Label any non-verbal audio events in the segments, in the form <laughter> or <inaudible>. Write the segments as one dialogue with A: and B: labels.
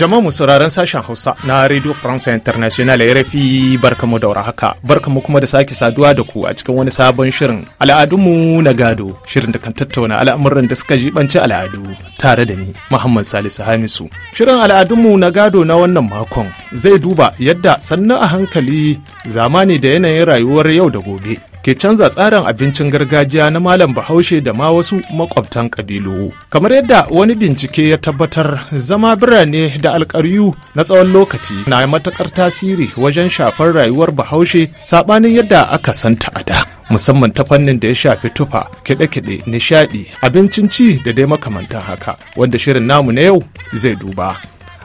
A: Jama'a mu sauraron sashen Hausa na Radio France International ya rafi RFI daura haka warhaka. mu kuma da sake saduwa da ku a cikin wani sabon shirin al'adunmu na gado, shirin da kan tattauna al'amuran da suka jibanci al'adu tare da ni Muhammad Salisu Hamisu. Shirin al'adunmu na gado na wannan makon zai duba yadda sannu a hankali zamani da yanayin rayuwar yau da gobe ke canza tsarin abincin gargajiya na malam bahaushe da ma wasu makwabtan kabilu kamar yadda wani bincike ya tabbatar zama birane da alkaryu na tsawon lokaci na matakar tasiri wajen shafar rayuwar bahaushe sabanin yadda aka santa a da musamman ta fannin da ya shafi tufa kiɗe-kiɗe nishaɗi abincin ci da dai makamantan haka wanda shirin namu na yau zai duba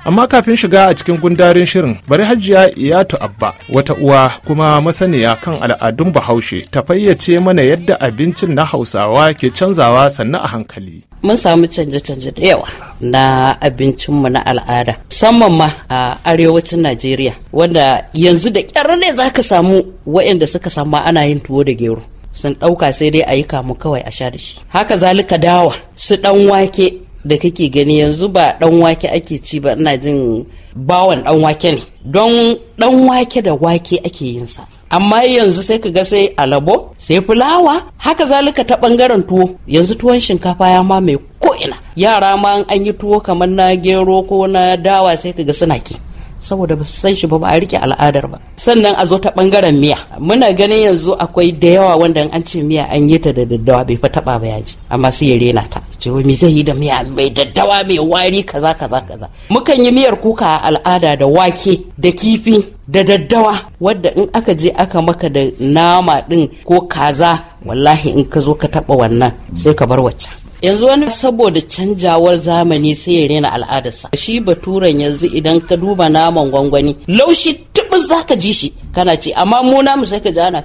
A: amma kafin shiga a cikin gundarin shirin bari hajiya iyatu abba wata uwa kuma masaniya kan al'adun bahaushe ta fayyace mana yadda abincin na hausawa ke canzawa sannan a hankali
B: mun samu canje-canje da yawa na abincinmu na al'ada musamman ma a arewacin najeriya wanda yanzu da kyar ne za ka samu waɗanda suka samu ana yin tuwo da gero sun ɗauka sai dai a yi kamu kawai a sha da shi haka zalika dawa su ɗan wake da kake gani yanzu ba dan wake ake ci ba ina jin bawan dan wake ne don dan wake da wake ake yin sa amma yanzu sai ka ga sai alabo sai fulawa haka zalika ta bangaren tuwo yanzu tuwon shinkafa ya mamaye ko ina yara ma an yi tuwo kamar na gero ko na dawa sai ka ga suna ki saboda ba su san shi ba ba a rike al'adar ba sannan a zo ta bangaren miya muna ganin yanzu akwai da yawa wanda an ce miya an yi ta da daddawa bai fa taba ba yaji amma sai ya rena ta ce wai zai yi da miya mai daddawa mai wari kaza kaza kaza mukan yi miyar kuka a al'ada da wake da kifi da daddawa wadda in aka je aka maka da nama din ko kaza wallahi in ka zo ka taba wannan sai ka bar waccan yanzu wani saboda canjawar zamani sai ya rena al'adarsa shi baturen yanzu idan ka duba naman gwangwani laushi tubus zaka ji shi kana ce amma mu namu sai ka ji ana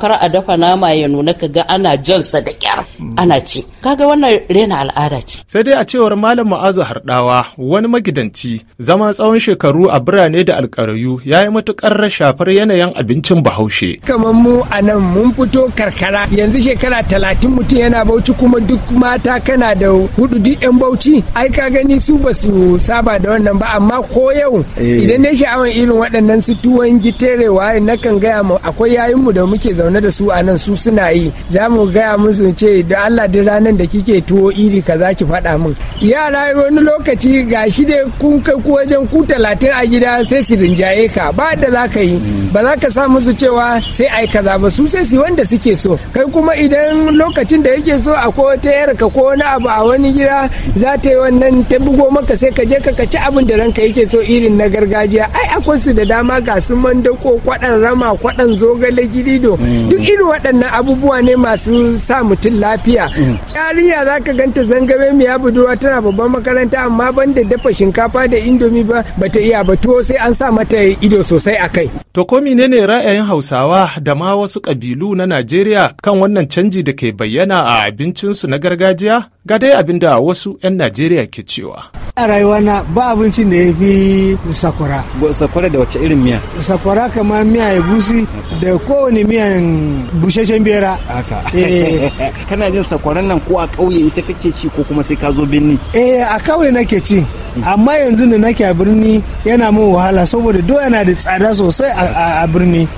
B: kar a dafa nama ya nuna ka ga ana jansa da kyar ana ci kaga wannan rena al'ada ce
A: sai dai a cewar malam ma'azu hardawa wani magidanci zama tsawon shekaru a birane da alkarayu ya yi matukar shafar yanayin abincin bahaushe
C: kamar mu a nan mun fito karkara yanzu shekara talatin mutum yana bauchi kuma duk mata kana da hudu duk yan bauchi ai ka gani su ba su saba da wannan ba amma ko yau eh. idan ne sha'awan irin waɗannan su tuwon gitere waye na kan gaya mu akwai yayin mu da muke zaune da su a nan su suna yi za mu gaya musu ce da Allah duk ranar da kike tuwo iri kaza ki faɗa min yara wani lokaci gashi dai kun kai ku wajen ku talatin a gida sai su rinjaye ka ba da za ka yi hmm. ba za ka sa musu cewa sai ai kaza ba su sai su wanda suke so kai kuma idan lokacin da yake so akwai wata yarka ko ko wani abu a wani gida za ta yi wannan ta bugo maka sai ka je ka kaci abin da ranka yake so irin na gargajiya ai akwai su da dama ga su mandako kwaɗan rama kwaɗan zogale gidido mm. duk irin waɗannan abubuwa ne masu sa mutum lafiya mm. yarinya za ka ganta zangabe mu ya budurwa tana babban makaranta amma ban da dafa shinkafa da indomi ba ba ta iya ba tuwo sai an sa mata ido
A: sosai a kai to ko menene ra'ayin hausawa da ma wasu ƙabilu na najeriya kan wannan canji da ke bayyana a abincinsu na gargajiya ya ga dai abin da wasu 'yan Najeriya ke cewa.
D: A na ba abincin da ya fi sakwara.
A: Sakwara da wace irin miya?
D: Sakwara kamar miya ya busi da kowane miyan busheshen bera.
E: Haka. Eh. <laughs> Kana jin sakwaran nan ko a ƙauye ita kake ci ko kuma sai ka zo birni?
D: Eh a ƙauye nake ci. amma yanzu da nake a birni yana mun wahala saboda doya na da tsada sosai a birni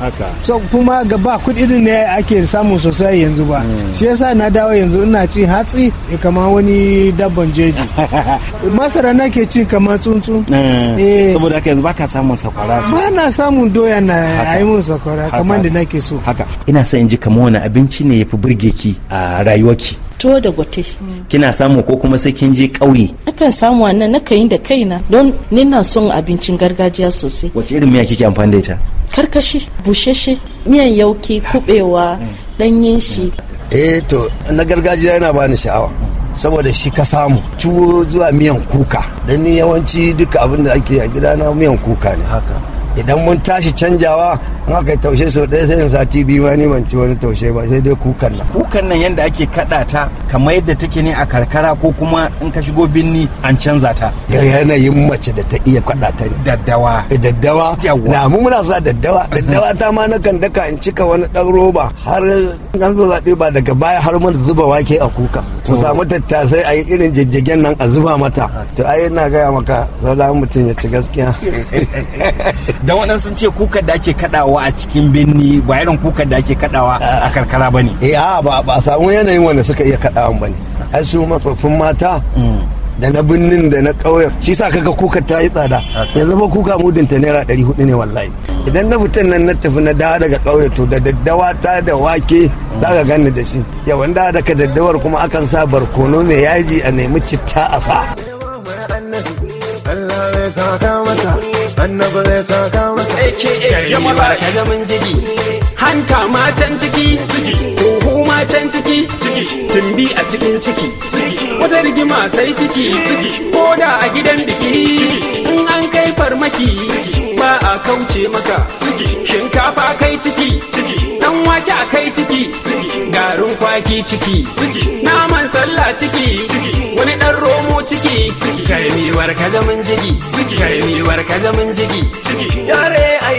D: so kuma ga ba kuɗi ne ake samu sosai yanzu ba hmm. shi yasa na dawo yanzu ina cin hatsi kama wani dabban jeji <laughs> masara nake ci kama tsuntsu
E: eh, eh. saboda haka yanzu ba ka samun sakwara ba
D: na samun doya na yi mun sakwara kamar da
E: nake so haka ina son in ji kamar wani abinci ne ya fi burge ki a rayuwarki fito da gwate kina samu ko kuma sai kin je ƙauye
B: akan samu wannan na yi da kaina don nina son abincin gargajiya sosai wace irin
E: miya kike amfani da ita
B: karkashi busheshe miyan yauki kubewa danyen shi
D: eh to na gargajiya yana bani sha'awa saboda shi ka samu tuwo zuwa miyan kuka dan ni yawanci duka abin da ake a gida na miyan kuka ne haka idan mun tashi canjawa in aka taushe sau ɗaya sai sati biyu ma ni ban ci wani taushe ba sai dai kukan nan
E: kukan nan yadda ake kaɗa ta kamar yadda take ne a karkara ko kuma in ka shigo binni an canza ta ga yanayin mace da ta iya kaɗa ta ne daddawa eh, daddawa
D: na mu muna sa daddawa mhm. daddawa ta ma na kan daka in cika wani ɗan roba har an zo zaɓe ba daga baya har mun zuba wake a kuka mu samu tattasai a yi irin jijjigen nan a zuba mata to ai ina gaya maka sau da mutum ya ci gaskiya
E: <laughs> da waɗansu ce kukan da ake kaɗawa kadawa a cikin birni ba irin kukan da ake kadawa a karkara bane eh a ba
D: ba samu yanayin wanda suka iya ba bane ai su mafafin mata mm. da na birnin da na ƙauyen shi sa kaga kuka ta yi tsada yanzu ba kuka mudin ta naira ɗari hudu ne wallahi idan na fitan nan na tafi na dawa daga ƙauye to da daddawa ta da wake za ka gani da shi yawan da daga daddawar kuma akan sa barkono mai yaji a nemi citta a sa Allah annabi zai saka
C: masa ake yamma kalamin jiki hanta ma can ciki huhu ma can ciki tumbi a cikin ciki wata rigima sai ciki ko da a gidan biki in an kai farmaki kauce maka Suki. shinkafa kai ciki Suki. dan wake a kai ciki Suki. garin kwaki ciki Suki. naman sallah ciki Suki. wani dan romo ciki Suki. kai miwar ka zaman jigi siki kai miwar ka zaman jigi siki yare ai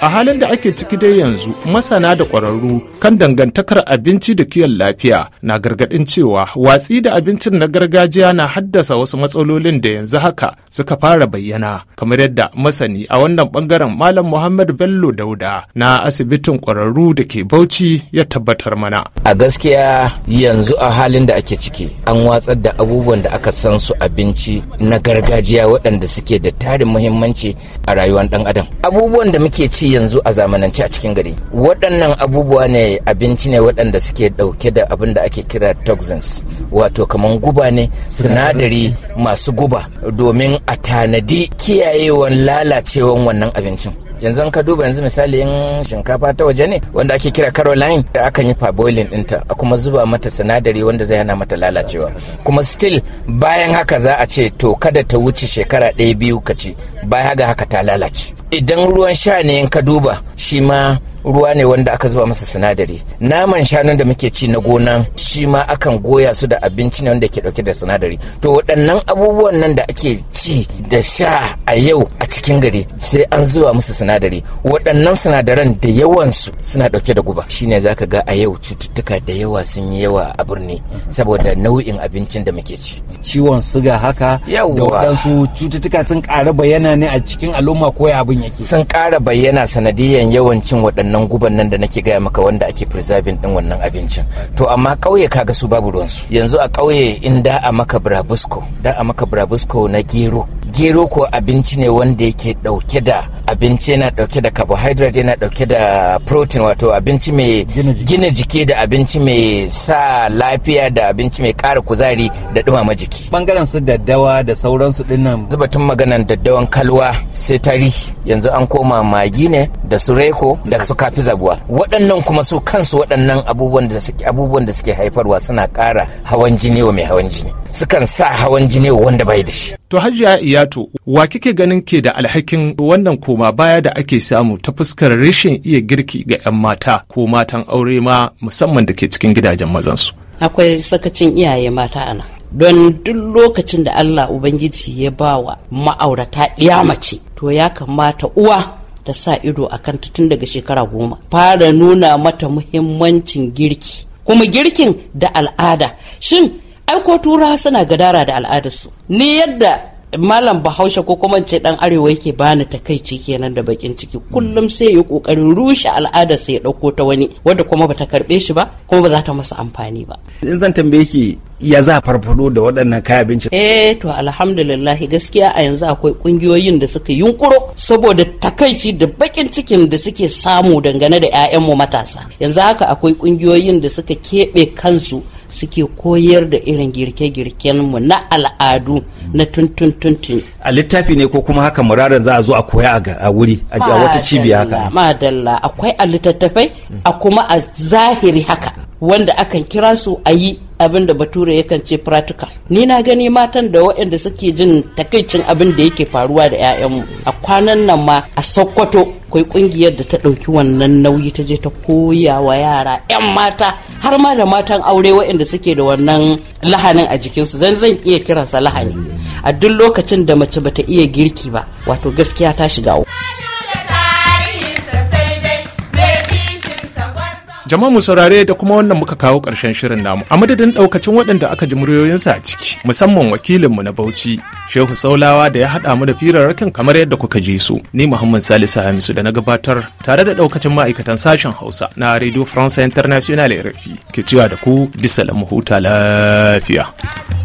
A: a halin da ake ciki dai yanzu masana da ƙwararru kan dangantakar abinci da kiyon lafiya na gargaɗin cewa watsi da abincin na gargajiya na haddasa wasu matsalolin da yanzu haka suka fara bayyana kamar yadda masani a wannan bangaren malam muhammad bello dauda na asibitin ƙwararru da ke bauchi ya tabbatar mana a gaskiya yanzu a halin da ake ciki
E: an watsar da abubuwan da aka san su abinci na gargajiya waɗanda suke da tarin muhimmanci a rayuwar ɗan adam abubuwan da muke ci yanzu a zamanance a cikin gari waɗannan abubuwa ne abinci ne waɗanda suke ɗauke da abin da ake kira toxins wato kamar guba ne sinadari masu guba domin a tanadi kiyayewan lalacewan wannan abincin yanzu ka duba yanzu misali yin shinkafa ta waje ne wanda ake kira caroline da akan yi parboiling dinta. a kuma zuba mata sinadari wanda zai hana mata lalacewa kuma still bayan haka za a ce to kada ta wuce shekara ɗaya biyu ka ce. bayan haka haka ta lalace idan ruwan sha ne in ka duba shi ma ruwa ne wanda aka zuba masa sinadari naman shanun da muke ci na gona shi ma akan goya su da abinci ne wanda ke dauke da sinadari to waɗannan abubuwan nan da ake ci da sha a yau a cikin gari sai an zuba musu sinadari waɗannan sinadaran da yawansu suna dauke da guba shine zaka ga a yau cututtuka da yawa sun yi yawa a birni saboda nau'in abincin da muke ci ciwon suga haka da waɗansu cututtuka sun ƙara bayyana ne a cikin al'umma ko abin yake sun ƙara bayyana sanadiyan yawancin waɗannan wannan guban nan da nake gaya maka wanda ake preserving din wannan abincin to amma ƙauye kaga su babu ruwansu yanzu a ƙauye in da a maka brabusco da a maka brabusco na gero gero ko abinci ne wanda yake dauke da abinci yana dauke da carbohydrate yana dauke da protein wato abinci mai gina jiki da abinci mai sa lafiya da abinci mai kara kuzari da dumama jiki bangaren su daddawa da sauransu dinnan zubatun maganan daddawan kalwa sai tari yanzu an koma magi ne da su reko da su kafi zabuwa waɗannan kuma su kansu waɗannan abubuwan da suke haifarwa suna ƙara hawan jini wa mai hawan jini sukan sa hawan jini wanda bai da shi.
A: To Hajiya Iyato, wa kike ganin ke da alhakin wannan koma baya da ake samu ta fuskar rashin iya girki ga 'yan mata ko matan aure ma musamman da ke cikin gidajen mazansu?
B: Akwai sakacin iyaye mata ana. Don duk lokacin da Allah Ubangiji ya ba wa ma'aurata ɗiya mace, to ya kamata uwa ta sa ido a kanta tun daga shekara goma. Fara nuna mata muhimmancin girki, kuma girkin da al'ada. Shin aiko tura suna gadara da al'adarsu ni yadda malam bahaushe ko kuma ce dan arewa yake bani takaici kenan da bakin ciki kullum sai ya kokarin rushe al'ada sai ya dauko ta wani wanda kuma bata karbe shi ba kuma ba za ta masa amfani ba in zan tambaye ki ya za farfado da waɗannan kayan abinci eh to alhamdulillah gaskiya a yanzu akwai kungiyoyin da suka yunkuro saboda takaici da bakin cikin da suke samu dangane da 'ya'yanmu matasa yanzu haka akwai kungiyoyin da suka keɓe kansu suke koyar da irin girke mu na al'adu na tuntun-tuntun. A littafi ne ko
E: kuma haka muraran za a zo a koya a wuri a wata cibiya haka.
B: Madalla akwai a littattafai a kuma a zahiri haka wanda akan kira su a yi abin da bature yakan ce practical ni na gani matan da waɗanda suke jin takaicin abin da yake faruwa da 'ya'yanmu a kwanan nan ma a sokoto akwai ƙungiyar da ta ɗauki wannan nauyi ta je ta koya wa yara 'yan mata har ma da matan aure waɗanda suke da wannan lahanin a jikinsu don zan iya kiransa lahani a duk lokacin da mace bata iya girki ba wato
A: gaskiya ta shiga uku jama'a mu saurare da kuma wannan muka kawo ƙarshen shirin namu a madadin ɗaukacin waɗanda aka ji muryoyinsa a ciki musamman wakilinmu na bauchi shehu saulawa da ya haɗa mu da firarrakin kamar yadda kuka ji su ni muhammad salisu hamisu da na gabatar tare da ɗaukacin ma'aikatan sashen hausa na radio france international rfi ke cewa da ku bisa lamu huta lafiya.